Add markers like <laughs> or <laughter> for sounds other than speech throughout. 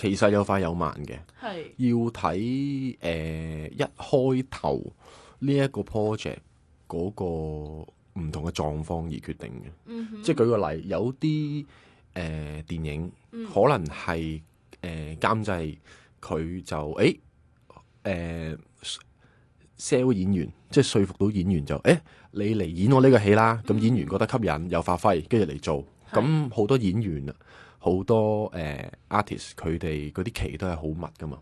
其實有快有慢嘅，要睇誒、呃、一開頭呢一個 project 嗰個唔同嘅狀況而決定嘅，嗯。即係舉個例，有啲誒、呃、電影可能係誒監製佢就誒誒 sell 演員，即係說服到演員就誒、欸、你嚟演我呢個戲啦。咁演員覺得吸引有發揮，跟住嚟做。咁好多演員啊。好多誒、uh, artist 佢哋嗰啲期都係好密㗎嘛，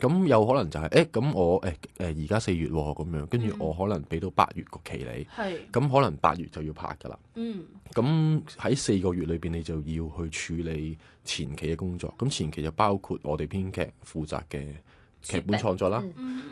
咁有可能就係誒咁我誒而家四月咁樣，跟、嗯、住我可能俾到八月個期你，咁可能八月就要拍㗎喇，嗯，咁喺四個月裏面，你就要去處理前期嘅工作，咁前期就包括我哋編劇負責嘅。劇本創作啦，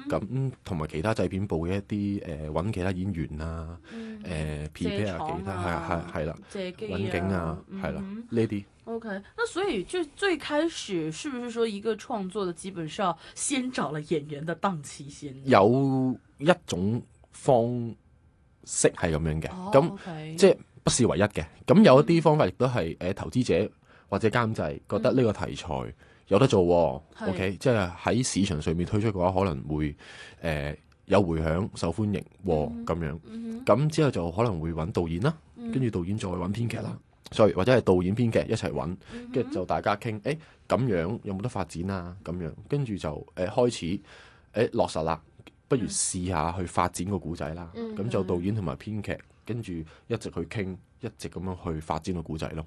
咁同埋其他製片部嘅一啲誒揾其他演員啊，誒、嗯、配、呃、備其他係係係啦，揾景啊，係啦呢啲。啊啊啊啊啊嗯啊、o、okay, K，那所以就最開始是不是說一個創作嘅基本上先找了演員的檔期先？有一種方式係咁樣嘅，咁即係不是唯一嘅。咁有一啲方法亦都係誒投資者或者監製覺得呢個題材、嗯。有得做、哦，OK，即係喺市場上面推出嘅話，可能會、呃、有迴響、受歡迎咁、哦 mm -hmm. 樣。咁之後就可能會揾導演啦，跟、mm、住 -hmm. 導演再揾編劇啦，Sorry、mm -hmm. 或者係導演編劇一齊揾，跟、mm、住 -hmm. 就大家傾，誒、欸、咁樣有冇得發展啊？咁樣跟住就誒、呃、開始誒、欸、落實啦。不如試下去發展個故仔啦。咁、mm -hmm. 就導演同埋編劇跟住一直去傾，一直咁樣去發展個故仔咯。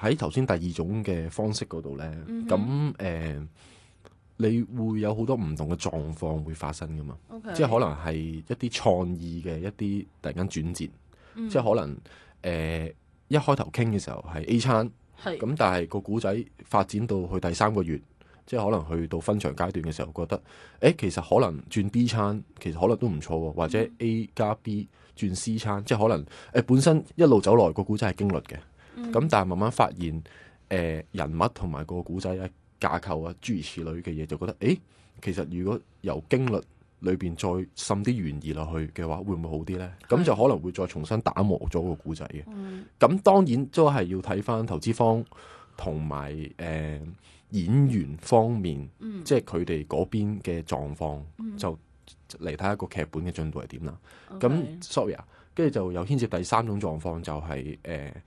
喺頭先第二種嘅方式嗰度呢，咁、mm、誒 -hmm. 呃，你會有好多唔同嘅狀況會發生噶嘛？Okay. 即係可能係一啲創意嘅一啲突然間轉折，mm -hmm. 即係可能誒、呃、一開頭傾嘅時候係 A 餐，係咁，但係個古仔發展到去第三個月，即係可能去到分場階段嘅時候，覺得誒、欸、其實可能轉 B 餐，其實可能都唔錯喎，或者 A 加 B 轉 C 餐，mm -hmm. 即係可能誒、呃、本身一路走來個古仔係經歷嘅。咁、嗯、但係慢慢發現，誒、呃、人物同埋個故仔啊架構啊諸如此類嘅嘢，就覺得誒、欸、其實如果由經歷裏邊再滲啲懸疑落去嘅話，會唔會好啲咧？咁就可能會再重新打磨咗個故仔嘅。咁、嗯、當然都係要睇翻投資方同埋誒演員方面，即係佢哋嗰邊嘅狀況，嗯、就嚟睇下個劇本嘅進度係點啦。咁、嗯 okay. sorry，啊，跟住就有牽涉第三種狀況，就係、是、誒。呃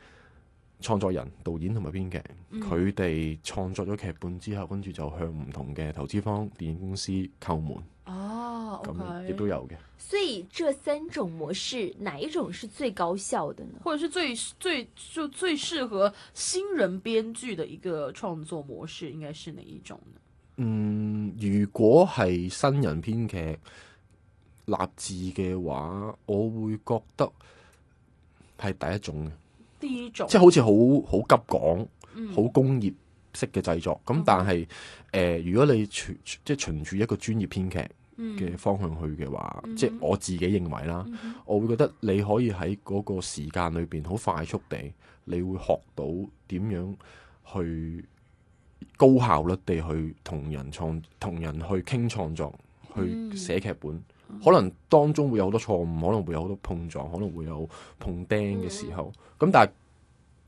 創作人、導演同埋編劇，佢哋創作咗劇本之後，跟住就向唔同嘅投資方、電影公司叩門。哦、啊，咁亦都有嘅。Okay. 所以這三種模式，哪一種是最高效嘅呢？或者是最最就最適合新人編劇嘅一個創作模式，應該是哪一種呢？嗯，如果係新人編劇立志嘅話，我會覺得係第一種。即係好似好好急講，好工業式嘅製作。咁、嗯、但係誒、嗯呃，如果你循即係循住一個專業編劇嘅方向去嘅話，嗯、即係我自己認為啦、嗯，我會覺得你可以喺嗰個時間裏邊好快速地，你會學到點樣去高效率地去同人創、同人去傾創作、去寫劇本。嗯可能當中會有好多錯誤，可能會有好多碰撞，可能會有碰釘嘅時候。咁、mm -hmm. 但係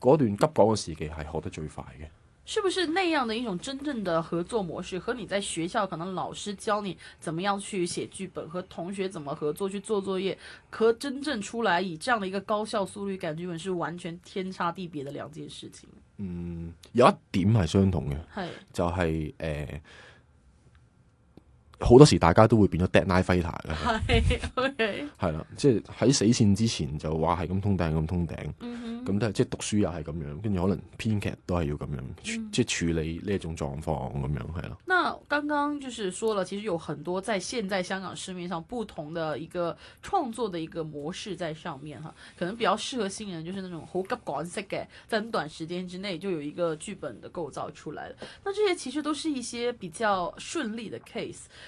嗰段急講嘅時期係學得最快嘅。是不是那樣的一種真正的合作模式，和你在學校可能老師教你怎麼樣去寫劇本，和同學怎麼合作去做作業，和真正出來以這樣的一個高效速率改劇本，是完全天差地別的兩件事情。嗯，有一點係相同嘅，係就係、是、誒。呃好多時大家都會變咗 deadline fighter 嘅，係， <laughs> 係啦，即係喺死線之前就話係咁通頂咁通頂，咁都係即係讀書又係咁樣，跟住可能編劇都係要咁樣，即係、就是、處理呢一種狀況咁樣係咯。那剛剛就是說了，其實有很多在現在香港市面上不同的一個創作的一個模式在上面哈，可能比較適合新人，就是那種好急趕式嘅，在短時間之內就有一個劇本的構造出來，那這些其實都是一些比較順利的 case。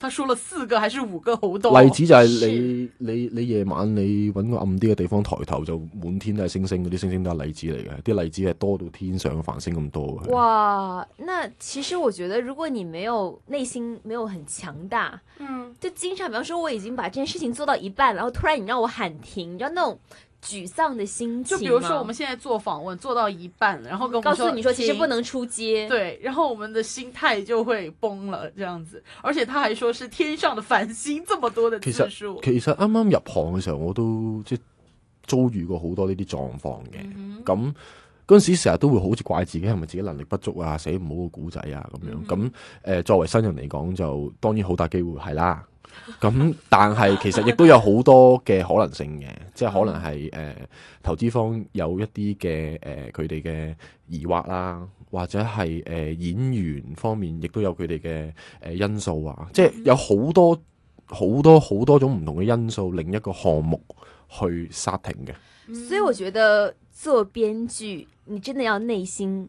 他說了四個還是五個好多？例子就係你是你你夜晚你揾個暗啲嘅地方抬頭就滿天都係星星，嗰啲星星都係例子嚟嘅，啲例子係多到天上嘅繁星咁多嘅。哇！那其實我覺得如果你沒有內心沒有很強大，嗯，就經常，比方說我已經把這件事情做到一半，然後突然你讓我喊停，你知道那種。沮喪的心情，就比如說我們現在做訪問，做到一半，然後跟我們說，告訴你說其實不能出街，對，然後我們的心態就會崩了，這樣子。而且他還說是天上的繁星，這麼多的字數。其實，其實啱啱入行嘅時候，我都即遭遇過好多呢啲狀況嘅。咁嗰陣時成日都會好似怪自己係咪自己能力不足啊，寫唔好個古仔啊咁樣。咁、嗯、誒、呃，作為新人嚟講，就當然好大機會係啦。咁， <laughs> 但係其實亦都有好多嘅可能性嘅， <laughs> 即係可能係誒、呃，投資方有一啲嘅誒，佢哋嘅疑惑啦，或者係誒、呃、演員方面亦都有佢哋嘅誒因素啊，即係有好多好、mm -hmm. 多好多種唔同嘅因素令一個項目去殺停嘅。Mm -hmm. 所以我覺得做編劇，你真的要內心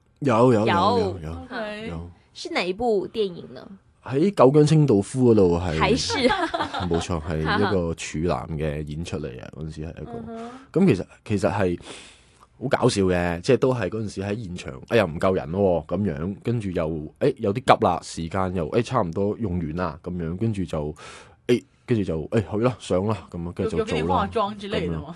有有有有有，有，有、okay. 有，是哪一部電影呢？喺《九品清道夫》嗰度係，有， <laughs> 是冇錯係一個處男嘅演出嚟啊！有，嗰陣時係一個，咁 <laughs> 其實其實係好搞笑嘅，即係都係有，嗰陣時喺現場，哎、哦、又唔夠人咯，咁樣跟住又誒有啲急啦，時間又誒、哎、差唔多用完啦，咁樣跟住就誒跟住就誒、哎、去咯有，上啦，咁有，跟住就做啦。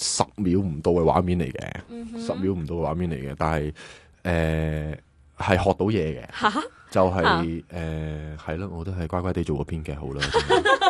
十秒唔到嘅畫面嚟嘅、嗯，十秒唔到嘅畫面嚟嘅，但係誒係學到嘢嘅、啊，就係誒係咯，我都係乖乖地做個編劇好啦。 <laughs>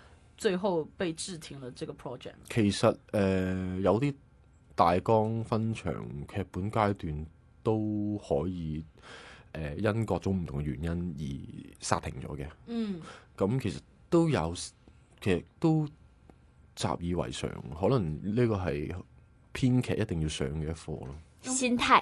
最後被制停了這個 project。其實誒、呃，有啲大綱分場劇本階段都可以誒、呃，因各種唔同嘅原因而煞停咗嘅。嗯。咁其實都有，其實都習以為常。可能呢個係編劇一定要上嘅一課咯。心態。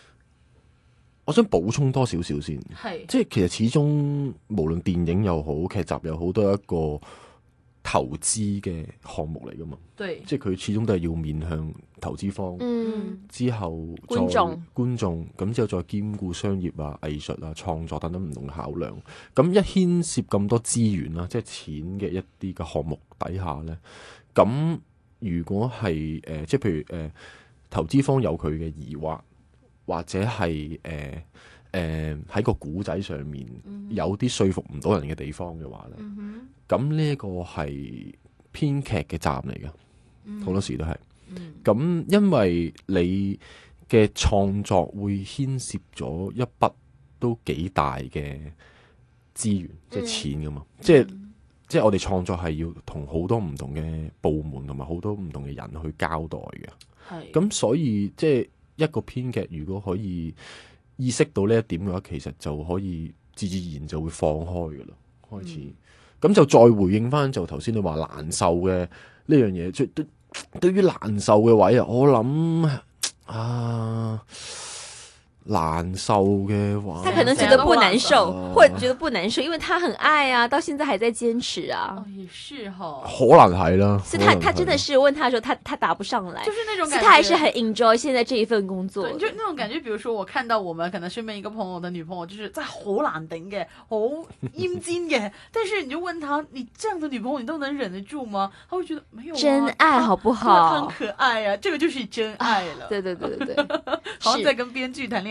我想補充多少少先，即係其實始終無論電影又好劇集又好都係一個投資嘅項目嚟噶嘛，對即係佢始終都係要面向投資方、嗯，之後觀眾觀眾咁之後再兼顧商業啊、藝術啊、創作等等唔同嘅考量，咁一牽涉咁多資源啦、啊，即係錢嘅一啲嘅項目底下呢，咁如果係誒、呃，即係譬如、呃、投資方有佢嘅疑惑。或者係誒誒喺個古仔上面有啲說服唔到人嘅地方嘅話咧，咁、嗯、呢個係編劇嘅站嚟嘅，好、嗯、多時都係。咁、嗯、因為你嘅創作會牽涉咗一筆都幾大嘅資源，即係錢噶嘛，嗯、即係、嗯、即係我哋創作係要同好多唔同嘅部門同埋好多唔同嘅人去交代嘅。係咁，所以即係。一個編劇如果可以意識到呢一點嘅話，其實就可以自自然就會放開㗎啦，開始咁、嗯、就再回應翻就頭先你話難受嘅呢樣嘢，對，對於難受嘅位啊，我諗啊。難受的話，他可能覺得不難受，難受或者覺得不難受、啊，因為他很愛啊，到現在還在堅持啊。哦，也是哈、哦，好難睇啦，啦。所以他，他他真的是問他的時候，他他答不上來，就是那種感覺。他還是很 enjoy 現在這一份工作，對。就那種感覺，比如說我看到我們可能身邊一個朋友的女朋友，就是在好難頂嘅，好陰尖嘅， <laughs> 但是你就問他，你這樣的女朋友你都能忍得住嗎？他會覺得沒有、啊、真愛好不好？啊、很可愛啊，這個就是真愛了。啊、對對對對對， <laughs> 好在跟編劇談戀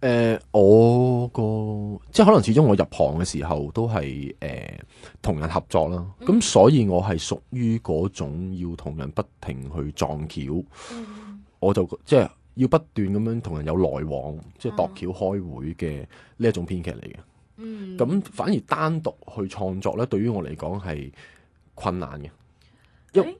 誒、呃，我個即係可能始終我入行嘅時候都係誒同人合作啦，咁、嗯、所以我係屬於嗰種要同人不停去撞橋、嗯，我就即係要不斷咁樣同人有來往，嗯、即係度橋開會嘅呢一種編劇嚟嘅。咁、嗯、反而單獨去創作呢，對於我嚟講係困難嘅。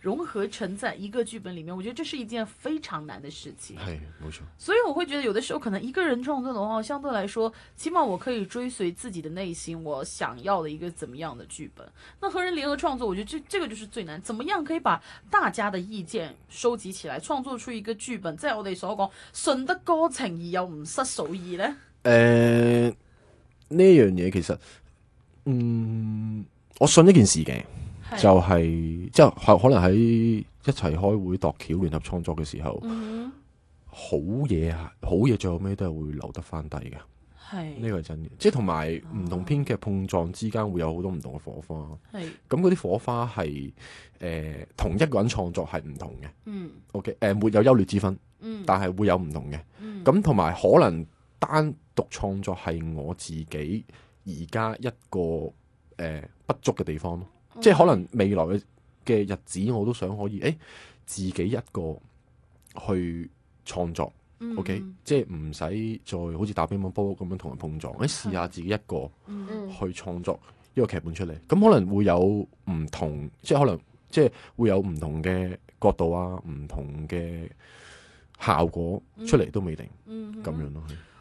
融合成在一個劇本裏面，我覺得這是一件非常難的事情。係冇錯，所以我會覺得有的時候可能一個人創作的話，相對來說，起碼我可以追隨自己的內心，我想要的一個怎麼樣的劇本。那和人聯合創作，我覺得這這個就是最難。怎麼樣可以把大家的意見收集起來，創作出一個劇本？在我哋所講，順得哥情而又唔失嫂意呢。誒、呃，呢樣嘢其實，嗯，我信呢件事嘅。是就係、是、即係可能喺一齊開會度橋聯合創作嘅時候，好嘢啊！好嘢，好最後尾都係會留得翻低嘅。呢個係真嘅，即係同埋唔同編劇碰撞之間會有好多唔同嘅火花。係咁，嗰啲火花係誒、呃，同一個人創作係唔同嘅。嗯，O K，誒，沒有優劣之分。嗯、但係會有唔同嘅。嗯，咁同埋可能單獨創作係我自己而家一個誒、呃、不足嘅地方咯。即係可能未來嘅嘅日子，我都想可以誒、欸，自己一個去創作，mm -hmm.，OK，即係唔使再好似打乒乓波咁樣同人碰撞，誒、欸，試下自己一個去創作一個劇本出嚟，咁可能會有唔同，即係可能即係會有唔同嘅角度啊，唔同嘅效果出嚟都未定，咁、mm -hmm. 樣咯、啊。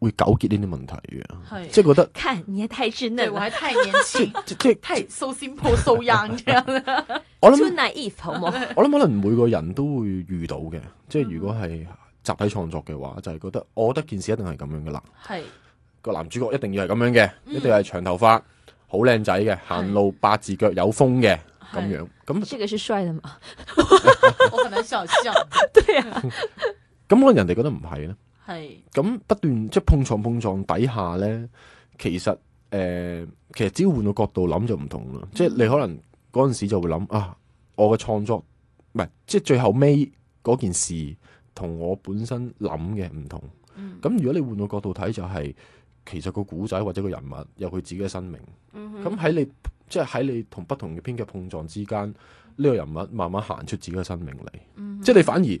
會糾結呢啲問題嘅，即係覺得，看你也太稚嫩，我還太年輕，即係即係太 so simple, so young 咁樣啦。 <laughs> 我諗 naive 好冇，naive, right? 我諗可能每個人都會遇到嘅，mm -hmm. 即係如果係集體創作嘅話，就係、是、覺得，我覺得件事一定係咁樣嘅、mm -hmm. 啦。係個男主角一定要係咁樣嘅，mm -hmm. 一定係長頭髮、好靚仔嘅，mm -hmm. 行路八字腳、有風嘅咁、mm -hmm. 樣。咁這個是帥的嗎？我可能想笑， <laughs> <laughs> <laughs> <laughs> 對、啊，對呀。咁可能人哋覺得唔係咧。係咁不斷即係碰撞碰撞底下咧，其實誒、呃，其實只要換個角度諗就唔同啦、嗯。即係你可能嗰陣時就會諗啊，我嘅創作唔係即係最後尾嗰件事同我本身諗嘅唔同。咁、嗯、如果你換個角度睇，就係、是、其實個古仔或者個人物有佢自己嘅生命。咁、嗯、喺你即係喺你同不同嘅編劇碰撞之間，呢、這個人物慢慢行出自己嘅生命嚟、嗯。即係你反而。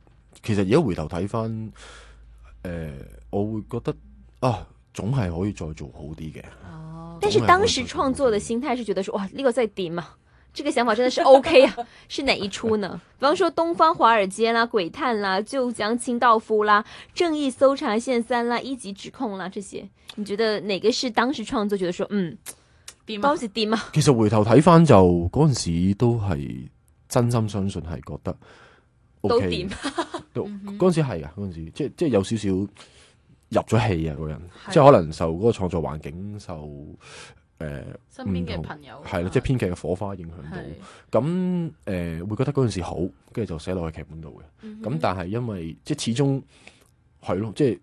其實而家回頭睇翻，誒、呃，我會覺得啊，總係可以再做好啲嘅。哦，但是當時創作嘅心態是覺得說，哇，呢、這個再掂嘛，這個想法真的是 OK 啊。 <laughs> 是哪一出呢？比方說《東方華爾街》啦，《鬼探》啦，《就將清道夫》啦，《正義搜查線三》啦，《一級指控》啦，這些，你覺得哪個是當時創作覺得說，嗯，掂嗎、啊？都是掂嗎、啊？其實回頭睇翻就嗰陣時都係真心相信，係覺得。Okay, 都掂，嗰 <laughs> 陣時係啊，嗰陣時即係即係有少少入咗戲啊，個人即係可能受嗰個創作環境受誒、呃、身邊嘅朋友係咯，即係編劇嘅火花影響到，咁誒、呃、會覺得嗰陣時好，跟住就寫落去劇本度嘅，咁但係因為即係始終係咯，即係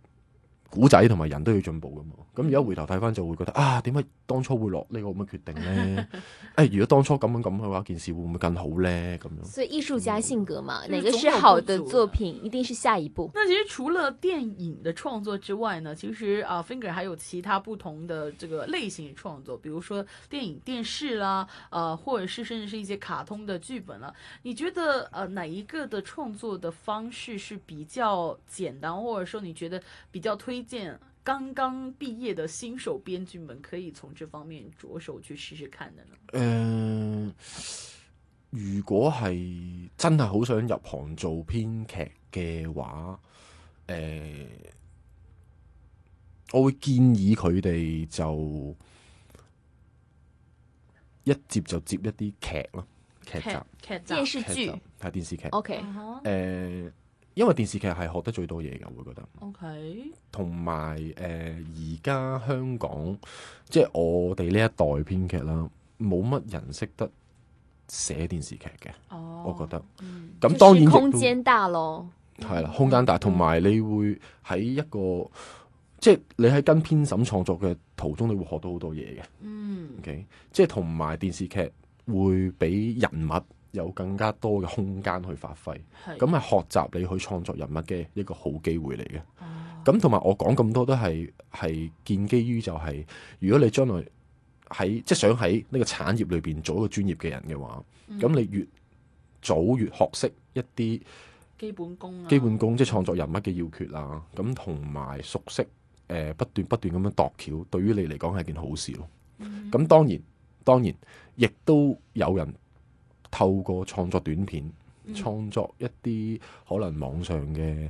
古仔同埋人都要進步噶嘛。咁而家回頭睇返就會覺得啊，點解當初會落呢個咁嘅決定呢？誒、 <laughs> 哎，如果當初咁樣咁嘅話，件事會唔會更好呢？咁樣。所以藝術家性格嘛，哪個是好的作品，一定是下一步。那其實除了電影的創作之外呢，其實啊、uh,，Finger 還有其他不同的這個類型嘅創作，比如說電影、電視啦、啊，呃，或者是甚至是一些卡通嘅劇本啦、啊。你覺得呃、uh, 哪一個的創作的方式是比較簡單，或者說你覺得比較推薦？剛剛畢業的新手編劇們可以從這方面着手去試試看的呢？誒、呃，如果係真係好想入行做編劇嘅話，誒、呃，我會建議佢哋就一接就接一啲劇咯，劇集、劇集、電視劇、係電視劇。OK、呃。誒。因為電視劇係學得最多嘢嘅，我會覺得。O K。同埋誒，而家香港即係我哋呢一代編劇啦，冇乜人識得寫電視劇嘅。我覺得。咁、okay. 呃即係 oh. 當然、即係、空間大咯。係啦，空間大，同埋你會喺一個、oh. 即係你喺跟編審創作嘅途中，你會學到好多嘢嘅。嗯。O K，即係同埋電視劇會俾人物。有更加多嘅空間去發揮，咁係學習你去創作人物嘅一個好機會嚟嘅。咁同埋我講咁多都係係建基於就係、是，如果你將來喺即係想喺呢個產業裏邊做一個專業嘅人嘅話，咁、嗯、你越早越學識一啲基本功，基本功即、啊、係、就是、創作人物嘅要訣啊，咁同埋熟悉誒、呃、不斷不斷咁樣度橋，對於你嚟講係件好事咯。咁、嗯、當然當然亦都有人。透過創作短片、創作一啲可能網上嘅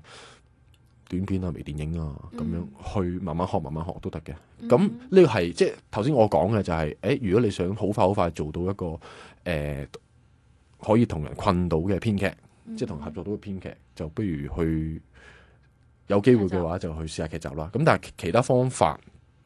短片啊、微電影啊咁樣，去慢慢學、慢慢學都得嘅。咁呢個係即係頭先我講嘅、就係，就係誒，如果你想好快好快做到一個誒、呃、可以同人困到嘅編劇，即係同合作到嘅編劇，就不如去有機會嘅話就去試下劇集啦。咁但係其他方法。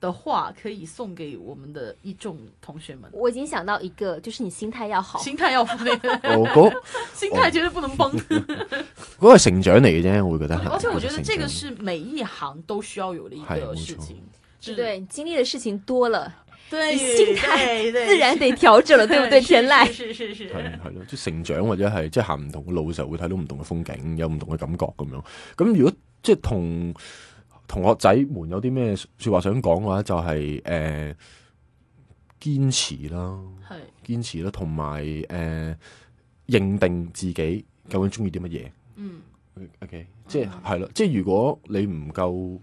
的話可以送給我們的一眾同學們。我已經想到一個，就是你心態要好，心態要穩、 <laughs> 哦那個，心態絕對不能崩。嗰、哦哦、 <laughs> <laughs> 個成長嚟嘅啫，我會覺得係。而 <laughs> 且、啊、我覺得這個是每一行都需要有嘅一個事情，對、嗯、不對？經歷的事情多了，對心態自然得調整了，對不對？天籟，是是是。係咯，即成長或者係即係行唔同嘅路嘅時候，會睇到唔同嘅風景，有唔同嘅感覺咁樣。咁如果即係同。同學仔們有啲咩說話想講嘅話，就係，就係誒堅持啦，係堅持啦，同埋誒認定自己究竟中意啲乜嘢。嗯，OK，即係係咯，即係如果你唔夠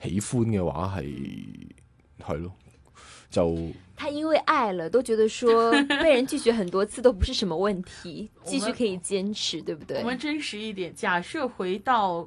喜歡嘅話，係係咯就。他因為愛了都覺得說，被人拒絕很多次都不是什麼問題，繼 <laughs> 續可以堅持，對不對？我，我們真實一點，假設回到。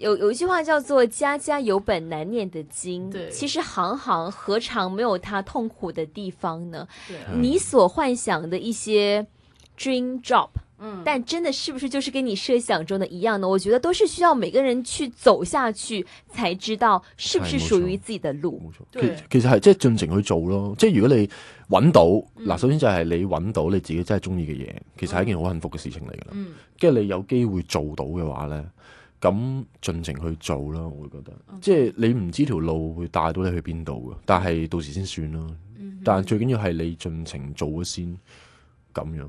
有有一句話叫做“家家有本難念的經”，對，其實行行何嘗沒有他痛苦的地方呢？對，你所幻想的一些 dream job，嗯，但真的是不是就是跟你設想中的一樣呢？我覺得都是需要每個人去走下去才知道是不是屬於自己的路。錯，對，其實係即係盡情去做咯。即係如果你搵到，嗱、嗯，首先就係你搵到你自己真係中意嘅嘢，其實係一件好幸福嘅事情嚟噶啦。嗯，跟住你有機會做到嘅話咧。咁盡情去做啦，我會覺得，即係你唔知條路會帶到你去邊度嘅，但係到時先算啦。Mm -hmm. 但係最緊要係你盡情做咗先，咁樣。